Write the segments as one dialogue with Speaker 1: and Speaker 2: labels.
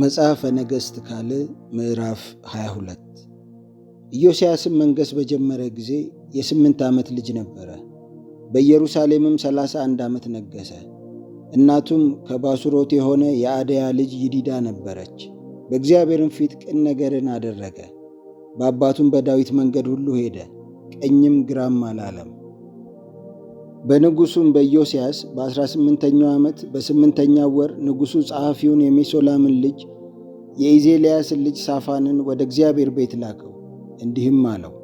Speaker 1: መጽሐፈ ነገሥት ካልዕ ምዕራፍ 22 ኢዮስያስም መንገሥ በጀመረ ጊዜ የስምንት ዓመት ልጅ ነበረ። በኢየሩሳሌምም 31 ዓመት ነገሠ። እናቱም ከባሱሮት የሆነ የአደያ ልጅ ይዲዳ ነበረች። በእግዚአብሔርም ፊት ቅን ነገርን አደረገ። በአባቱም በዳዊት መንገድ ሁሉ ሄደ፣ ቀኝም ግራም አላለም። በንጉሱም በኢዮስያስ በ18ኛው ዓመት በስምንተኛው ወር ንጉሱ ጸሐፊውን የሜሶላምን ልጅ የኢዜልያስን ልጅ ሳፋንን ወደ እግዚአብሔር ቤት ላከው፣ እንዲህም አለው፦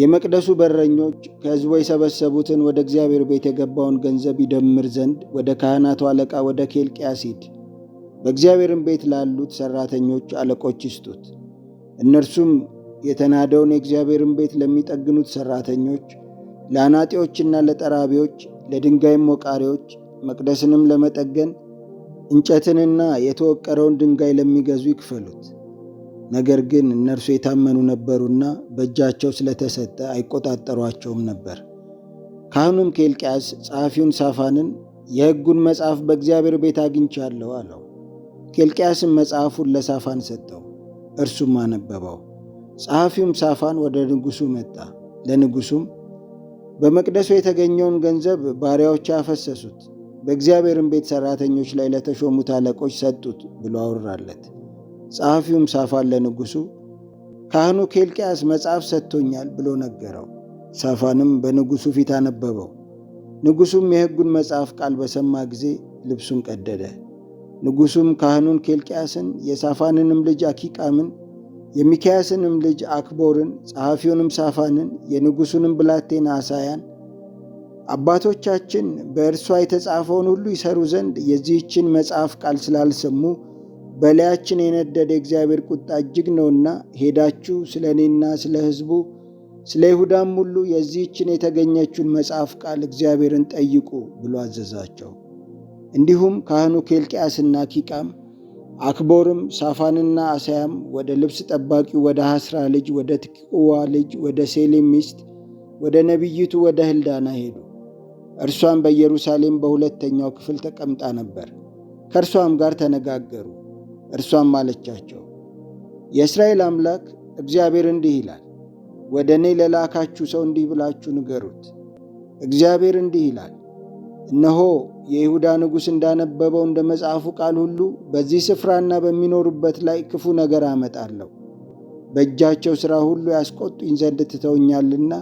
Speaker 1: የመቅደሱ በረኞች ከሕዝቡ የሰበሰቡትን ወደ እግዚአብሔር ቤት የገባውን ገንዘብ ይደምር ዘንድ ወደ ካህናቱ አለቃ ወደ ኬልቅያስ ሂድ፣ በእግዚአብሔርም ቤት ላሉት ሠራተኞች አለቆች ይስጡት። እነርሱም የተናደውን የእግዚአብሔርን ቤት ለሚጠግኑት ሠራተኞች ለአናጢዎችና ለጠራቢዎች፣ ለድንጋይም ሞቃሪዎች መቅደስንም ለመጠገን እንጨትንና የተወቀረውን ድንጋይ ለሚገዙ ይክፈሉት። ነገር ግን እነርሱ የታመኑ ነበሩና በእጃቸው ስለተሰጠ አይቆጣጠሯቸውም ነበር። ካህኑም ኬልቅያስ ጸሐፊውን ሳፋንን የሕጉን መጽሐፍ በእግዚአብሔር ቤት አግኝቻለሁ አለው። ኬልቅያስም መጽሐፉን ለሳፋን ሰጠው፣ እርሱም አነበበው። ጸሐፊውም ሳፋን ወደ ንጉሡ መጣ፣ ለንጉሡም በመቅደሱ የተገኘውን ገንዘብ ባሪያዎች አፈሰሱት፣ በእግዚአብሔርም ቤት ሠራተኞች ላይ ለተሾሙት አለቆች ሰጡት ብሎ አወራለት። ጸሐፊውም ሳፋን ለንጉሡ ካህኑ ኬልቅያስ መጽሐፍ ሰጥቶኛል ብሎ ነገረው። ሳፋንም በንጉሡ ፊት አነበበው። ንጉሡም የሕጉን መጽሐፍ ቃል በሰማ ጊዜ ልብሱን ቀደደ። ንጉሡም ካህኑን ኬልቅያስን የሳፋንንም ልጅ አኪቃምን የሚካያስንም ልጅ አክቦርን፣ ጸሐፊውንም ሳፋንን፣ የንጉሡንም ብላቴና አሳያን አባቶቻችን በእርሷ የተጻፈውን ሁሉ ይሰሩ ዘንድ የዚህችን መጽሐፍ ቃል ስላልሰሙ በላያችን የነደደ እግዚአብሔር ቁጣ እጅግ ነውና ሄዳችሁ ስለ እኔና ስለ ሕዝቡ ስለ ይሁዳም ሁሉ የዚህችን የተገኘችውን መጽሐፍ ቃል እግዚአብሔርን ጠይቁ ብሎ አዘዛቸው። እንዲሁም ካህኑ ኬልቅያስና ኪቃም አክቦርም ሳፋንና አሳያም ወደ ልብስ ጠባቂው ወደ ሐስራ ልጅ ወደ ትቅዋ ልጅ ወደ ሴሌም ሚስት ወደ ነቢይቱ ወደ ህልዳና ሄዱ። እርሷም በኢየሩሳሌም በሁለተኛው ክፍል ተቀምጣ ነበር። ከእርሷም ጋር ተነጋገሩ። እርሷም አለቻቸው፣ የእስራኤል አምላክ እግዚአብሔር እንዲህ ይላል፣ ወደ እኔ ለላካችሁ ሰው እንዲህ ብላችሁ ንገሩት፣ እግዚአብሔር እንዲህ ይላል፣ እነሆ የይሁዳ ንጉሥ እንዳነበበው እንደ መጽሐፉ ቃል ሁሉ በዚህ ስፍራና በሚኖሩበት ላይ ክፉ ነገር አመጣለሁ፣ በእጃቸው ሥራ ሁሉ ያስቆጡኝ ዘንድ ትተውኛልና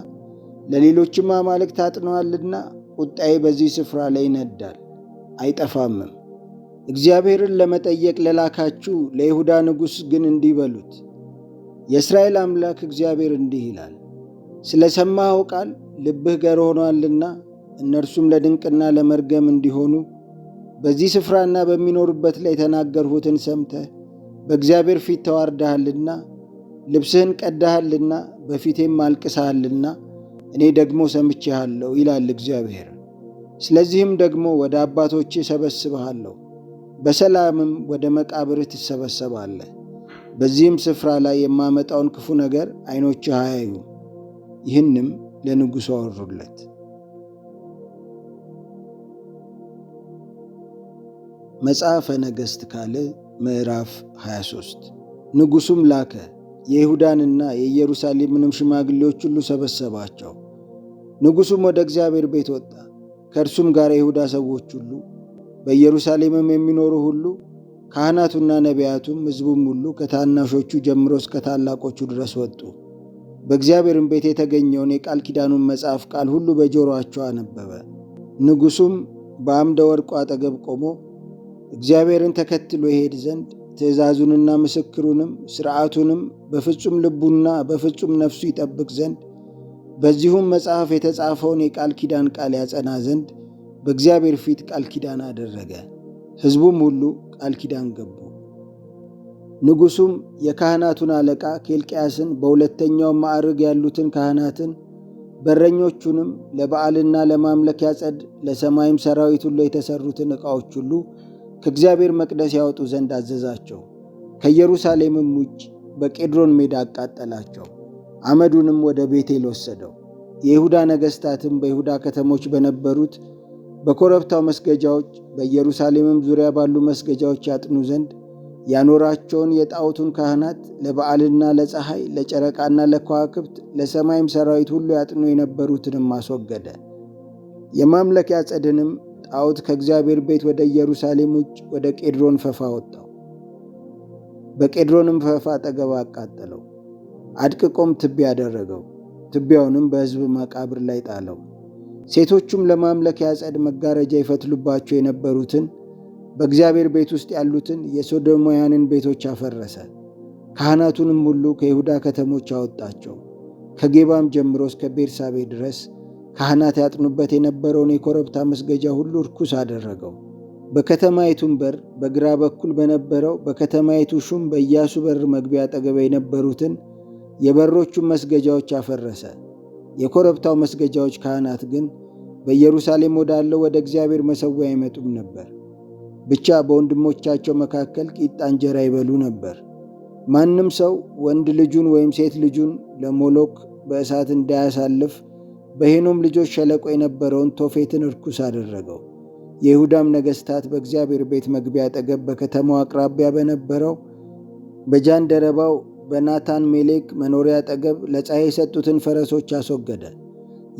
Speaker 1: ለሌሎችም አማልክት ታጥነዋልና ቁጣዬ በዚህ ስፍራ ላይ ይነዳል አይጠፋምም። እግዚአብሔርን ለመጠየቅ ለላካችሁ ለይሁዳ ንጉሥ ግን እንዲህ በሉት፣ የእስራኤል አምላክ እግዚአብሔር እንዲህ ይላል፣ ስለ ሰማኸው ቃል ልብህ ገር ሆኗልና እነርሱም ለድንቅና ለመርገም እንዲሆኑ በዚህ ስፍራና በሚኖሩበት ላይ የተናገርሁትን ሰምተህ በእግዚአብሔር ፊት ተዋርደሃልና ልብስህን ቀዳሃልና በፊቴም አልቅሰሃልና እኔ ደግሞ ሰምቼሃለሁ ይላል እግዚአብሔር። ስለዚህም ደግሞ ወደ አባቶቼ እሰበስብሃለሁ፣ በሰላምም ወደ መቃብርህ ትሰበሰባለህ። በዚህም ስፍራ ላይ የማመጣውን ክፉ ነገር ዓይኖችህ አያዩ ይህንም ለንጉሡ አወሩለት። መጽሐፈ ነገሥት ካልዕ ምዕራፍ 23 ንጉሡም ላከ፣ የይሁዳንና የኢየሩሳሌምንም ሽማግሌዎች ሁሉ ሰበሰባቸው። ንጉሡም ወደ እግዚአብሔር ቤት ወጣ፣ ከእርሱም ጋር የይሁዳ ሰዎች ሁሉ፣ በኢየሩሳሌምም የሚኖሩ ሁሉ፣ ካህናቱና ነቢያቱም፣ ሕዝቡም ሁሉ ከታናሾቹ ጀምሮ እስከ ታላቆቹ ድረስ ወጡ። በእግዚአብሔርም ቤት የተገኘውን የቃል ኪዳኑን መጽሐፍ ቃል ሁሉ በጆሮአቸው አነበበ። ንጉሡም በአምደ ወርቁ አጠገብ ቆሞ እግዚአብሔርን ተከትሎ ይሄድ ዘንድ ትእዛዙንና ምስክሩንም ስርዓቱንም በፍጹም ልቡና በፍጹም ነፍሱ ይጠብቅ ዘንድ በዚሁም መጽሐፍ የተጻፈውን የቃል ኪዳን ቃል ያጸና ዘንድ በእግዚአብሔር ፊት ቃል ኪዳን አደረገ። ሕዝቡም ሁሉ ቃል ኪዳን ገቡ። ንጉሡም የካህናቱን አለቃ ኬልቅያስን፣ በሁለተኛው ማዕርግ ያሉትን ካህናትን፣ በረኞቹንም ለበዓልና ለማምለኪያ ጸድ ለሰማይም ሰራዊት ሁሉ የተሠሩትን ዕቃዎች ሁሉ ከእግዚአብሔር መቅደስ ያወጡ ዘንድ አዘዛቸው። ከኢየሩሳሌምም ውጭ በቄድሮን ሜዳ አቃጠላቸው። አመዱንም ወደ ቤቴል ወሰደው። የይሁዳ ነገሥታትም በይሁዳ ከተሞች በነበሩት በኮረብታው መስገጃዎች፣ በኢየሩሳሌምም ዙሪያ ባሉ መስገጃዎች ያጥኑ ዘንድ ያኖራቸውን የጣዖቱን ካህናት ለበዓልና ለፀሐይ ለጨረቃና ለከዋክብት ለሰማይም ሰራዊት ሁሉ ያጥኑ የነበሩትንም አስወገደ። የማምለኪያ ጸድንም ጣዖት ከእግዚአብሔር ቤት ወደ ኢየሩሳሌም ውጭ ወደ ቄድሮን ፈፋ ወጣው። በቄድሮንም ፈፋ አጠገብ አቃጠለው፣ አድቅቆም ትቢያ አደረገው። ትቢያውንም በሕዝብ መቃብር ላይ ጣለው። ሴቶቹም ለማምለክ ያጸድ መጋረጃ ይፈትሉባቸው የነበሩትን በእግዚአብሔር ቤት ውስጥ ያሉትን የሶዶማውያንን ቤቶች አፈረሰ። ካህናቱንም ሁሉ ከይሁዳ ከተሞች አወጣቸው፣ ከጌባም ጀምሮ እስከ ቤርሳቤ ድረስ ካህናት ያጥኑበት የነበረውን የኮረብታ መስገጃ ሁሉ ርኩስ አደረገው። በከተማይቱን በር በግራ በኩል በነበረው በከተማይቱ ሹም በኢያሱ በር መግቢያ አጠገብ የነበሩትን የበሮቹን መስገጃዎች አፈረሰ። የኮረብታው መስገጃዎች ካህናት ግን በኢየሩሳሌም ወዳለው ወደ እግዚአብሔር መሠዊያ አይመጡም ነበር። ብቻ በወንድሞቻቸው መካከል ቂጣ እንጀራ ይበሉ ነበር። ማንም ሰው ወንድ ልጁን ወይም ሴት ልጁን ለሞሎክ በእሳት እንዳያሳልፍ በሄኖም ልጆች ሸለቆ የነበረውን ቶፌትን እርኩስ አደረገው። የይሁዳም ነገሥታት በእግዚአብሔር ቤት መግቢያ አጠገብ በከተማው አቅራቢያ በነበረው በጃንደረባው በናታን ሜሌክ መኖሪያ አጠገብ ለፀሐይ የሰጡትን ፈረሶች አስወገደ።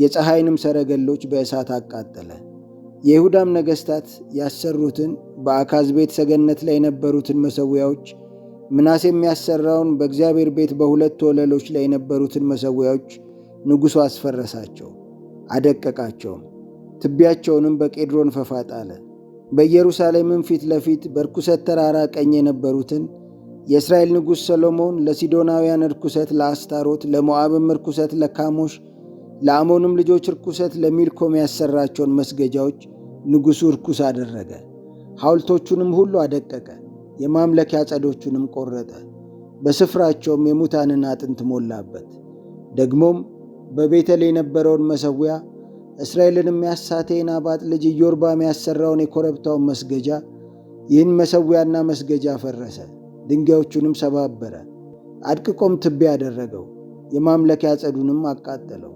Speaker 1: የፀሐይንም ሰረገሎች በእሳት አቃጠለ። የይሁዳም ነገሥታት ያሰሩትን በአካዝ ቤት ሰገነት ላይ የነበሩትን መሠዊያዎች፣ ምናሴም የሚያሰራውን በእግዚአብሔር ቤት በሁለት ወለሎች ላይ የነበሩትን መሠዊያዎች ንጉሡ አስፈረሳቸው፣ አደቀቃቸውም። ትቢያቸውንም በቄድሮን ፈፋ ጣለ። በኢየሩሳሌምም ፊት ለፊት በርኩሰት ተራራ ቀኝ የነበሩትን የእስራኤል ንጉሥ ሰሎሞን ለሲዶናውያን ርኩሰት፣ ለአስታሮት፣ ለሞዓብም ርኩሰት፣ ለካሞሽ ለአሞንም ልጆች ርኩሰት ለሚልኮም ያሰራቸውን መስገጃዎች ንጉሡ ርኩስ አደረገ። ሐውልቶቹንም ሁሉ አደቀቀ፣ የማምለኪያ ጸዶቹንም ቆረጠ። በስፍራቸውም የሙታንን አጥንት ሞላበት። ደግሞም በቤተል የነበረውን መሰዊያ እስራኤልንም ያሳተ የናባጥ ልጅ ኢዮርባም ያሰራውን የኮረብታውን መስገጃ ይህን መሰዊያና መስገጃ ፈረሰ፣ ድንጋዮቹንም ሰባበረ፣ አድቅቆም ትቢያ አደረገው፣ የማምለኪያ ጸዱንም አቃጠለው።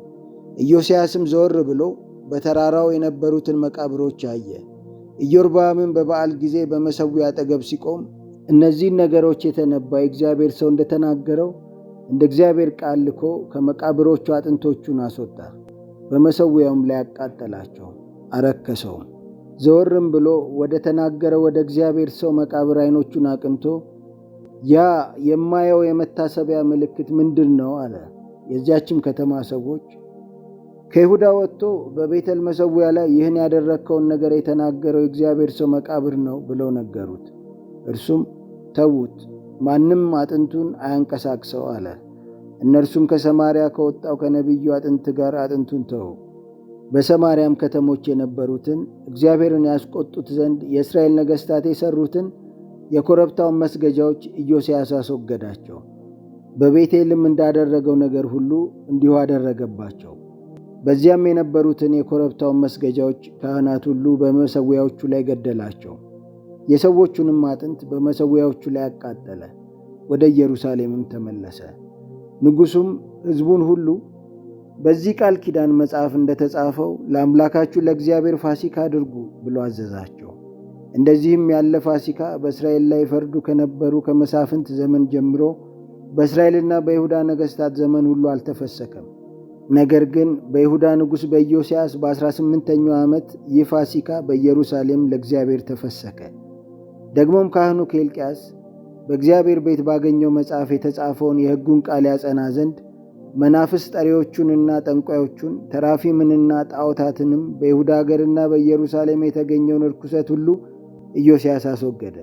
Speaker 1: ኢዮስያስም ዘወር ብሎ በተራራው የነበሩትን መቃብሮች አየ። ኢዮርባምን በበዓል ጊዜ በመሰዊያ አጠገብ ሲቆም እነዚህን ነገሮች የተነባ የእግዚአብሔር ሰው እንደተናገረው እንደ እግዚአብሔር ቃል ልኮ ከመቃብሮቹ አጥንቶቹን አስወጣ፣ በመሰዊያውም ላይ አቃጠላቸው፣ አረከሰውም። ዘወርም ብሎ ወደ ተናገረ ወደ እግዚአብሔር ሰው መቃብር ዓይኖቹን አቅንቶ ያ የማየው የመታሰቢያ ምልክት ምንድን ነው አለ። የዚያችም ከተማ ሰዎች ከይሁዳ ወጥቶ በቤተል መሰዊያ ላይ ይህን ያደረግከውን ነገር የተናገረው የእግዚአብሔር ሰው መቃብር ነው ብለው ነገሩት። እርሱም ተዉት ማንም አጥንቱን አያንቀሳቅሰው አለ። እነርሱም ከሰማርያ ከወጣው ከነቢዩ አጥንት ጋር አጥንቱን ተዉ። በሰማርያም ከተሞች የነበሩትን እግዚአብሔርን ያስቆጡት ዘንድ የእስራኤል ነገሥታት የሠሩትን የኮረብታውን መስገጃዎች ኢዮስያስ አስወገዳቸው። በቤቴልም እንዳደረገው ነገር ሁሉ እንዲሁ አደረገባቸው። በዚያም የነበሩትን የኮረብታውን መስገጃዎች ካህናት ሁሉ በመሠዊያዎቹ ላይ ገደላቸው። የሰዎቹንም አጥንት በመሰዊያዎቹ ላይ አቃጠለ፣ ወደ ኢየሩሳሌምም ተመለሰ። ንጉሡም ሕዝቡን ሁሉ በዚህ ቃል ኪዳን መጽሐፍ እንደተጻፈው ለአምላካችሁ ለእግዚአብሔር ፋሲካ አድርጉ ብሎ አዘዛቸው። እንደዚህም ያለ ፋሲካ በእስራኤል ላይ ፈርዱ ከነበሩ ከመሳፍንት ዘመን ጀምሮ በእስራኤልና በይሁዳ ነገሥታት ዘመን ሁሉ አልተፈሰከም። ነገር ግን በይሁዳ ንጉሥ በኢዮስያስ በ18ኛው ዓመት ይህ ፋሲካ በኢየሩሳሌም ለእግዚአብሔር ተፈሰከ። ደግሞም ካህኑ ኬልቅያስ በእግዚአብሔር ቤት ባገኘው መጽሐፍ የተጻፈውን የሕጉን ቃል ያጸና ዘንድ መናፍስ ጠሪዎቹንና ጠንቋዮቹን ተራፊምንና ጣዖታትንም በይሁዳ አገርና በኢየሩሳሌም የተገኘውን ርኩሰት ሁሉ ኢዮስያስ አስወገደ።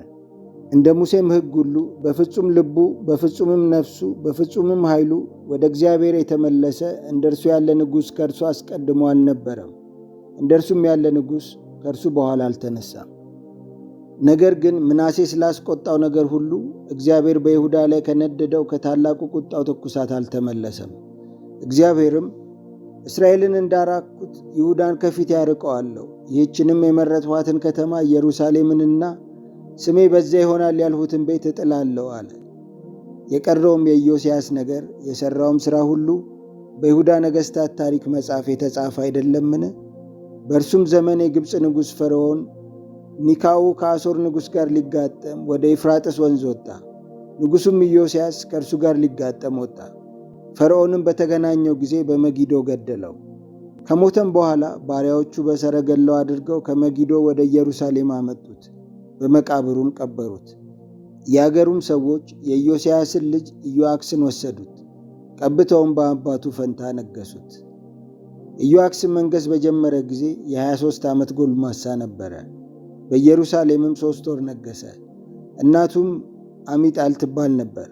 Speaker 1: እንደ ሙሴም ሕግ ሁሉ በፍጹም ልቡ በፍጹምም ነፍሱ በፍጹምም ኃይሉ ወደ እግዚአብሔር የተመለሰ እንደ እርሱ ያለ ንጉሥ ከእርሱ አስቀድሞ አልነበረም፣ እንደ እርሱም ያለ ንጉሥ ከእርሱ በኋላ አልተነሳም። ነገር ግን ምናሴ ስላስቆጣው ነገር ሁሉ እግዚአብሔር በይሁዳ ላይ ከነደደው ከታላቁ ቁጣው ትኩሳት አልተመለሰም። እግዚአብሔርም እስራኤልን እንዳራኩት ይሁዳን ከፊት ያርቀዋለሁ፣ ይህችንም የመረጥኋትን ከተማ ኢየሩሳሌምንና ስሜ በዚያ ይሆናል ያልሁትን ቤት እጥላለሁ አለ። የቀረውም የኢዮስያስ ነገር የሠራውም ሥራ ሁሉ በይሁዳ ነገሥታት ታሪክ መጽሐፍ የተጻፈ አይደለምን? በእርሱም ዘመን የግብፅ ንጉሥ ፈርዖን ኒካው ከአሶር ንጉሥ ጋር ሊጋጠም ወደ ኤፍራጥስ ወንዝ ወጣ። ንጉሡም ኢዮስያስ ከእርሱ ጋር ሊጋጠም ወጣ። ፈርዖንም በተገናኘው ጊዜ በመጊዶ ገደለው። ከሞተም በኋላ ባሪያዎቹ በሰረገላው አድርገው ከመጊዶ ወደ ኢየሩሳሌም አመጡት፣ በመቃብሩም ቀበሩት። የአገሩም ሰዎች የኢዮስያስን ልጅ ኢዮአክስን ወሰዱት፣ ቀብተውም በአባቱ ፈንታ ነገሱት። ኢዮአክስ መንገስ በጀመረ ጊዜ የ23 ዓመት ጎልማሳ ነበረ። በኢየሩሳሌምም ሦስት ወር ነገሰ እናቱም አሚጣል ትባል ነበር።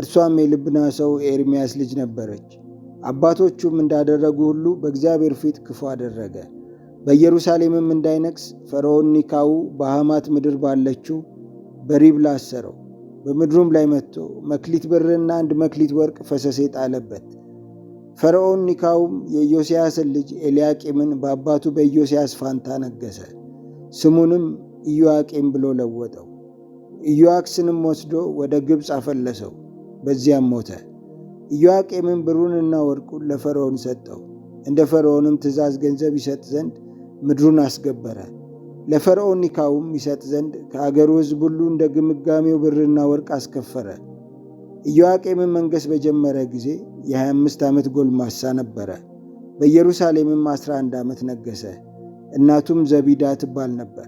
Speaker 1: እርሷም የልብና ሰው ኤርምያስ ልጅ ነበረች። አባቶቹም እንዳደረጉ ሁሉ በእግዚአብሔር ፊት ክፉ አደረገ። በኢየሩሳሌምም እንዳይነግስ ፈርዖን ኒካው በሐማት ምድር ባለችው በሪብላ አሰረው። በምድሩም ላይ መጥቶ መክሊት ብርና አንድ መክሊት ወርቅ ፈሰሴ ጣለበት። ፈርዖን ኒካውም የኢዮስያስን ልጅ ኤልያቂምን በአባቱ በኢዮስያስ ፋንታ ነገሰ። ስሙንም ኢዮአቄም ብሎ ለወጠው። ኢዮአክስንም ወስዶ ወደ ግብፅ አፈለሰው፣ በዚያም ሞተ። ኢዮአቄምም ብሩንና ወርቁን ለፈርዖን ሰጠው። እንደ ፈርዖንም ትእዛዝ ገንዘብ ይሰጥ ዘንድ ምድሩን አስገበረ። ለፈርዖን ኒካውም ይሰጥ ዘንድ ከአገሩ ሕዝብ ሁሉ እንደ ግምጋሜው ብርና ወርቅ አስከፈረ። ኢዮአቄምም መንገሥ በጀመረ ጊዜ የ25 ዓመት ጎልማሳ ነበረ። በኢየሩሳሌምም 11 ዓመት ነገሠ። እናቱም ዘቢዳ ትባል ነበር።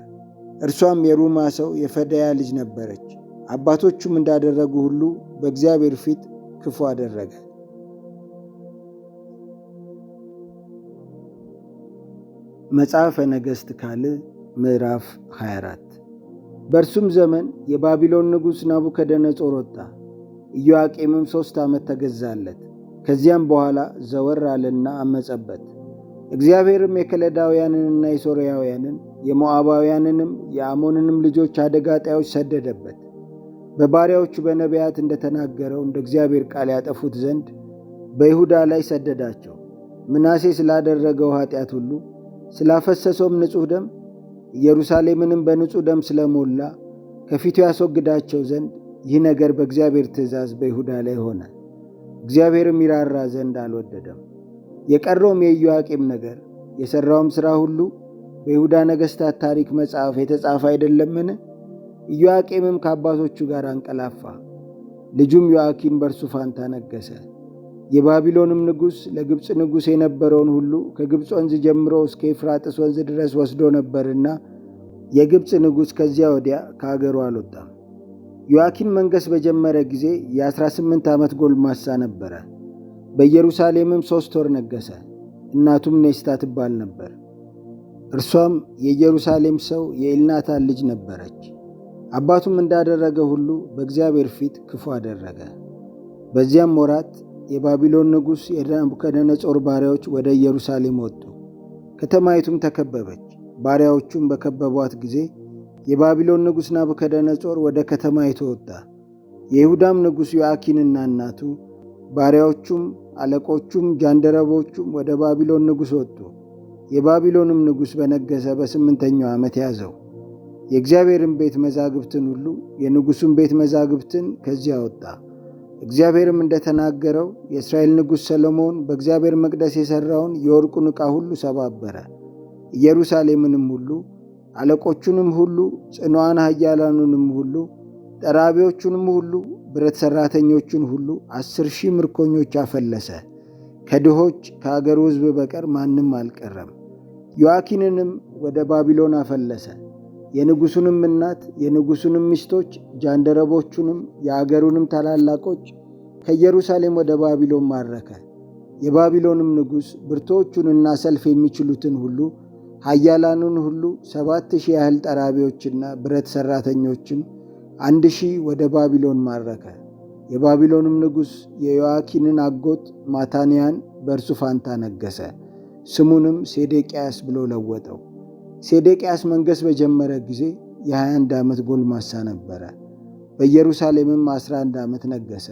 Speaker 1: እርሷም የሩማ ሰው የፈዳያ ልጅ ነበረች። አባቶቹም እንዳደረጉ ሁሉ በእግዚአብሔር ፊት ክፉ አደረገ። መጽሐፈ ነገሥት ካልዕ ምዕራፍ 24 በእርሱም ዘመን የባቢሎን ንጉሥ ናቡከደነጾር ወጣ። ኢዮአቄምም ሦስት ዓመት ተገዛለት። ከዚያም በኋላ ዘወር አለና አመጸበት። እግዚአብሔርም የከለዳውያንንና የሶርያውያንን የሞዓባውያንንም የአሞንንም ልጆች አደጋ ጣዮች ሰደደበት በባሪያዎቹ በነቢያት እንደተናገረው እንደ እግዚአብሔር ቃል ያጠፉት ዘንድ በይሁዳ ላይ ሰደዳቸው። ምናሴ ስላደረገው ኃጢአት ሁሉ ስላፈሰሰውም ንጹሕ ደም ኢየሩሳሌምንም በንጹሕ ደም ስለሞላ ከፊቱ ያስወግዳቸው ዘንድ ይህ ነገር በእግዚአብሔር ትእዛዝ በይሁዳ ላይ ሆነ። እግዚአብሔርም ይራራ ዘንድ አልወደደም። የቀረውም የኢዮአቄም ነገር የሠራውም ሥራ ሁሉ በይሁዳ ነገሥታት ታሪክ መጽሐፍ የተጻፈ አይደለምን? ኢዮአቄምም ከአባቶቹ ጋር አንቀላፋ፣ ልጁም ዮአኪም በእርሱ ፋንታ ነገሰ። የባቢሎንም ንጉሥ ለግብፅ ንጉሥ የነበረውን ሁሉ ከግብፅ ወንዝ ጀምሮ እስከ ኤፍራጥስ ወንዝ ድረስ ወስዶ ነበርና የግብፅ ንጉሥ ከዚያ ወዲያ ከአገሩ አልወጣም። ዮአኪም መንገሥ በጀመረ ጊዜ የ18 ዓመት ጎልማሳ ነበረ። በኢየሩሳሌምም ሦስት ወር ነገሰ እናቱም ኔስታ ትባል ነበር። እርሷም የኢየሩሳሌም ሰው የኤልናታን ልጅ ነበረች። አባቱም እንዳደረገ ሁሉ በእግዚአብሔር ፊት ክፉ አደረገ። በዚያም ወራት የባቢሎን ንጉሥ የናቡከደነጾር ባሪያዎች ወደ ኢየሩሳሌም ወጡ። ከተማይቱም ተከበበች። ባሪያዎቹም በከበቧት ጊዜ የባቢሎን ንጉሥ ናቡከደነጾር ወደ ከተማይቱ ወጣ። የይሁዳም ንጉሥ ዮአኪንና እናቱ ባሪያዎቹም አለቆቹም ጃንደረቦቹም ወደ ባቢሎን ንጉሥ ወጡ። የባቢሎንም ንጉሥ በነገሰ በስምንተኛው ዓመት ያዘው። የእግዚአብሔርን ቤት መዛግብትን ሁሉ የንጉሡን ቤት መዛግብትን ከዚያ አወጣ። እግዚአብሔርም እንደተናገረው የእስራኤል ንጉሥ ሰሎሞን በእግዚአብሔር መቅደስ የሠራውን የወርቁን ዕቃ ሁሉ ሰባበረ። ኢየሩሳሌምንም ሁሉ አለቆቹንም ሁሉ ጽኑዓን ኃያላኑንም ሁሉ ጠራቢዎቹንም ሁሉ ብረት ሠራተኞቹን ሁሉ አስር ሺህ ምርኮኞች አፈለሰ። ከድሆች ከአገሩ ሕዝብ በቀር ማንም አልቀረም። ዮአኪንንም ወደ ባቢሎን አፈለሰ። የንጉሡንም እናት የንጉሡንም ሚስቶች፣ ጃንደረቦቹንም፣ የአገሩንም ታላላቆች ከኢየሩሳሌም ወደ ባቢሎን ማረከ። የባቢሎንም ንጉሥ ብርቶቹንና ሰልፍ የሚችሉትን ሁሉ ኃያላኑን ሁሉ ሰባት ሺህ ያህል ጠራቢዎችና ብረት ሠራተኞችን አንድ ሺህ ወደ ባቢሎን ማረከ። የባቢሎንም ንጉሥ የዮዋኪንን አጎት ማታንያን በእርሱ ፋንታ ነገሰ ስሙንም ሴዴቅያስ ብሎ ለወጠው። ሴዴቅያስ መንገሥ በጀመረ ጊዜ የ21 ዓመት ጎልማሳ ነበረ። በኢየሩሳሌምም 11 ዓመት ነገሰ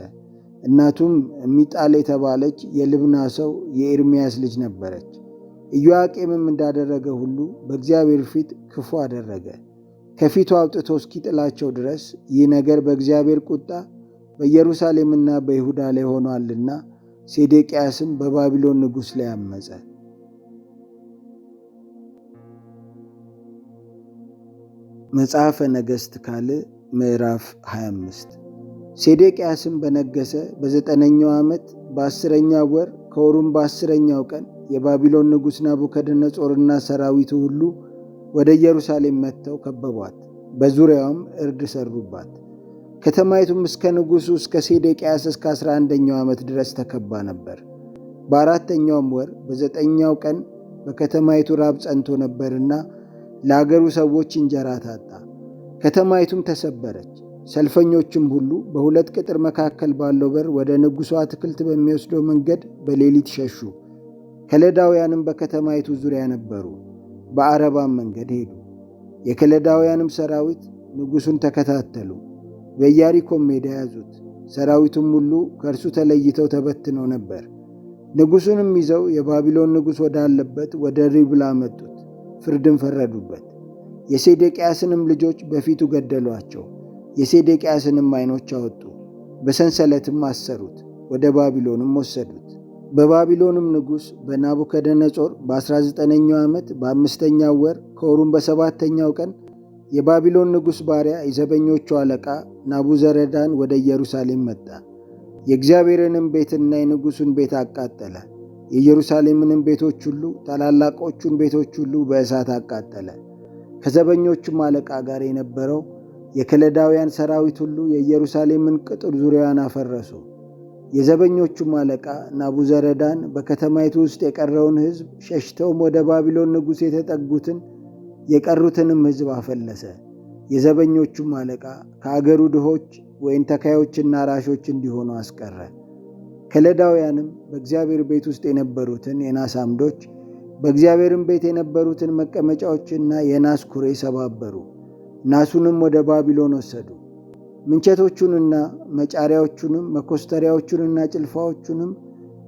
Speaker 1: እናቱም ሚጣል የተባለች የልብና ሰው የኤርምያስ ልጅ ነበረች። ኢዮአቄምም እንዳደረገ ሁሉ በእግዚአብሔር ፊት ክፉ አደረገ። ከፊቱ አውጥቶ እስኪጥላቸው ድረስ ይህ ነገር በእግዚአብሔር ቁጣ በኢየሩሳሌምና በይሁዳ ላይ ሆኗልና። ሴዴቅያስም በባቢሎን ንጉሥ ላይ አመፀ። መጽሐፈ ነገሥት ካልዕ ምዕራፍ 25 ሴዴቅያስም በነገሰ በዘጠነኛው ዓመት በአስረኛው ወር ከወሩም በአስረኛው ቀን የባቢሎን ንጉሥ ናቡከደነጾርና ሰራዊቱ ሁሉ ወደ ኢየሩሳሌም መጥተው ከበቧት፣ በዙሪያውም እርድ ሰሩባት። ከተማይቱም እስከ ንጉሡ እስከ ሴዴቅያስ እስከ አስራ አንደኛው ዓመት ድረስ ተከባ ነበር። በአራተኛውም ወር በዘጠኛው ቀን በከተማይቱ ራብ ጸንቶ ነበርና ለአገሩ ሰዎች እንጀራ ታጣ። ከተማይቱም ተሰበረች። ሰልፈኞቹም ሁሉ በሁለት ቅጥር መካከል ባለው በር ወደ ንጉሡ አትክልት በሚወስደው መንገድ በሌሊት ሸሹ። ከለዳውያንም በከተማይቱ ዙሪያ ነበሩ። በአረባን መንገድ ሄዱ። የከለዳውያንም ሰራዊት ንጉሡን ተከታተሉ፣ በኢያሪኮም ሜዳ ያዙት። ሰራዊቱም ሁሉ ከእርሱ ተለይተው ተበትነው ነበር። ንጉሡንም ይዘው የባቢሎን ንጉሥ ወዳለበት ወደ ሪብላ መጡት፣ ፍርድን ፈረዱበት። የሴዴቅያስንም ልጆች በፊቱ ገደሏቸው። የሴዴቅያስንም ዐይኖች አወጡ፣ በሰንሰለትም አሰሩት፣ ወደ ባቢሎንም ወሰዱት። በባቢሎንም ንጉሥ በናቡከደነጾር በ19ኛው ዓመት በአምስተኛው ወር ከወሩም በሰባተኛው ቀን የባቢሎን ንጉሥ ባሪያ የዘበኞቹ አለቃ ናቡዘረዳን ወደ ኢየሩሳሌም መጣ። የእግዚአብሔርንም ቤትና የንጉሡን ቤት አቃጠለ። የኢየሩሳሌምንም ቤቶች ሁሉ፣ ታላላቆቹን ቤቶች ሁሉ በእሳት አቃጠለ። ከዘበኞቹም አለቃ ጋር የነበረው የከለዳውያን ሰራዊት ሁሉ የኢየሩሳሌምን ቅጥር ዙሪያዋን አፈረሱ። የዘበኞቹም አለቃ ናቡዘረዳን በከተማይቱ ውስጥ የቀረውን ሕዝብ ሸሽተውም ወደ ባቢሎን ንጉሥ የተጠጉትን የቀሩትንም ሕዝብ አፈለሰ። የዘበኞቹም አለቃ ከአገሩ ድሆች ወይን ተካዮችና ራሾች እንዲሆኑ አስቀረ። ከለዳውያንም በእግዚአብሔር ቤት ውስጥ የነበሩትን የናስ አምዶች፣ በእግዚአብሔርም ቤት የነበሩትን መቀመጫዎችና የናስ ኩሬ ሰባበሩ። ናሱንም ወደ ባቢሎን ወሰዱ። ምንቸቶቹንና መጫሪያዎቹንም መኮስተሪያዎቹንና ጭልፋዎቹንም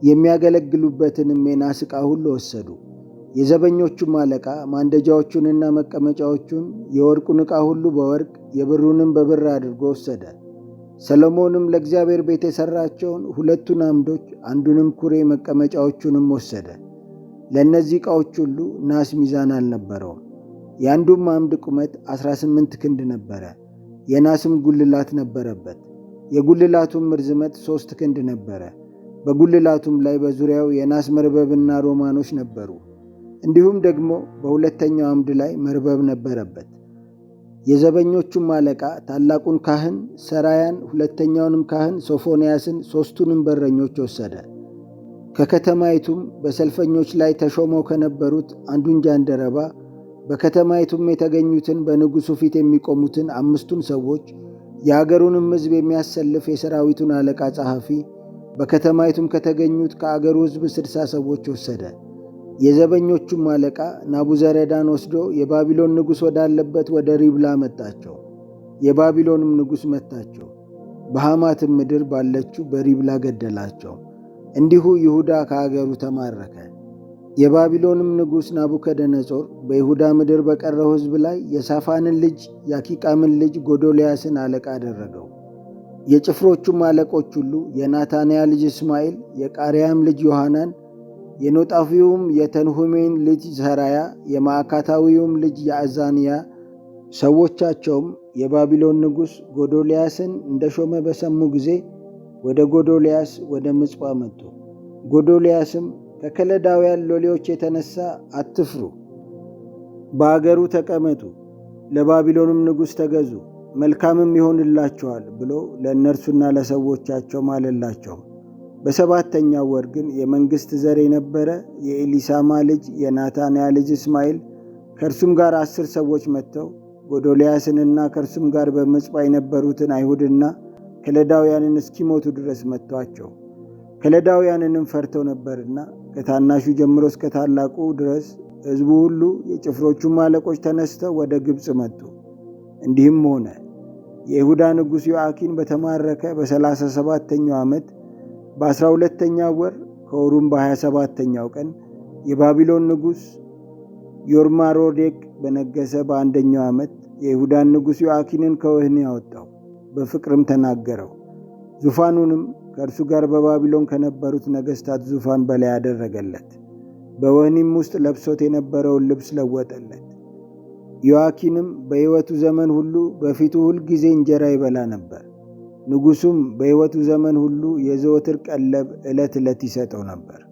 Speaker 1: የሚያገለግሉበትንም የናስ ዕቃ ሁሉ ወሰዱ። የዘበኞቹም አለቃ ማንደጃዎቹንና መቀመጫዎቹን፣ የወርቁን ዕቃ ሁሉ በወርቅ የብሩንም በብር አድርጎ ወሰደ። ሰሎሞንም ለእግዚአብሔር ቤት የሠራቸውን ሁለቱን አምዶች፣ አንዱንም ኩሬ መቀመጫዎቹንም ወሰደ። ለእነዚህ ዕቃዎች ሁሉ ናስ ሚዛን አልነበረውም። የአንዱም አምድ ቁመት 18 ክንድ ነበረ። የናስም ጉልላት ነበረበት። የጉልላቱም ርዝመት ሦስት ክንድ ነበረ። በጉልላቱም ላይ በዙሪያው የናስ መርበብና ሮማኖች ነበሩ። እንዲሁም ደግሞ በሁለተኛው አምድ ላይ መርበብ ነበረበት። የዘበኞቹም አለቃ ታላቁን ካህን ሰራያን፣ ሁለተኛውንም ካህን ሶፎንያስን፣ ሦስቱንም በረኞች ወሰደ። ከከተማይቱም በሰልፈኞች ላይ ተሾመው ከነበሩት አንዱን ጃንደረባ በከተማይቱም የተገኙትን በንጉሡ ፊት የሚቆሙትን አምስቱን ሰዎች የአገሩንም ሕዝብ የሚያሰልፍ የሰራዊቱን አለቃ ጸሐፊ በከተማይቱም ከተገኙት ከአገሩ ሕዝብ ስድሳ ሰዎች ወሰደ። የዘበኞቹም አለቃ ናቡዘረዳን ወስዶ የባቢሎን ንጉሥ ወዳለበት ወደ ሪብላ መጣቸው። የባቢሎንም ንጉሥ መታቸው፣ በሐማትም ምድር ባለችው በሪብላ ገደላቸው። እንዲሁ ይሁዳ ከአገሩ ተማረከ። የባቢሎንም ንጉሥ ናቡከደነጾር በይሁዳ ምድር በቀረው ሕዝብ ላይ የሳፋንን ልጅ የአኪቃምን ልጅ ጎዶልያስን አለቃ አደረገው። የጭፍሮቹም አለቆች ሁሉ የናታንያ ልጅ እስማኤል፣ የቃሪያም ልጅ ዮሐናን፣ የኖጣፊውም የተንሁሜን ልጅ ዘራያ፣ የማዕካታዊውም ልጅ የአዛንያ ሰዎቻቸውም የባቢሎን ንጉሥ ጎዶልያስን እንደ ሾመ በሰሙ ጊዜ ወደ ጎዶልያስ ወደ ምጽጳ መጡ። ጎዶልያስም ከከለዳውያን ሎሌዎች የተነሳ አትፍሩ። በአገሩ ተቀመጡ፣ ለባቢሎንም ንጉሥ ተገዙ፣ መልካምም ይሆንላችኋል ብሎ ለእነርሱና ለሰዎቻቸው ማለላቸው። በሰባተኛው ወር ግን የመንግሥት ዘር የነበረ የኤሊሳማ ልጅ የናታንያ ልጅ እስማኤል ከእርሱም ጋር አስር ሰዎች መጥተው ጎዶልያስንና ከእርሱም ጋር በምጽጳ የነበሩትን አይሁድና ከለዳውያንን እስኪሞቱ ድረስ መጥቷቸው ከለዳውያንንም ፈርተው ነበርና ከታናሹ ጀምሮ እስከ ታላቁ ድረስ ሕዝቡ ሁሉ የጭፍሮቹም አለቆች ተነስተው ወደ ግብፅ መጡ። እንዲህም ሆነ የይሁዳ ንጉሥ ዮአኪን በተማረከ በሰላሳ ሰባተኛው ዓመት በአስራ ሁለተኛው ወር ከወሩም በሀያ ሰባተኛው ቀን የባቢሎን ንጉሥ ዮርማሮዴቅ በነገሰ በአንደኛው ዓመት የይሁዳን ንጉሥ ዮአኪንን ከወህኒ አወጣው፣ በፍቅርም ተናገረው ዙፋኑንም ከእርሱ ጋር በባቢሎን ከነበሩት ነገሥታት ዙፋን በላይ አደረገለት። በወህኒም ውስጥ ለብሶት የነበረውን ልብስ ለወጠለት። ዮአኪንም በሕይወቱ ዘመን ሁሉ በፊቱ ሁልጊዜ እንጀራ ይበላ ነበር። ንጉሡም በሕይወቱ ዘመን ሁሉ የዘወትር ቀለብ ዕለት ዕለት ይሰጠው ነበር።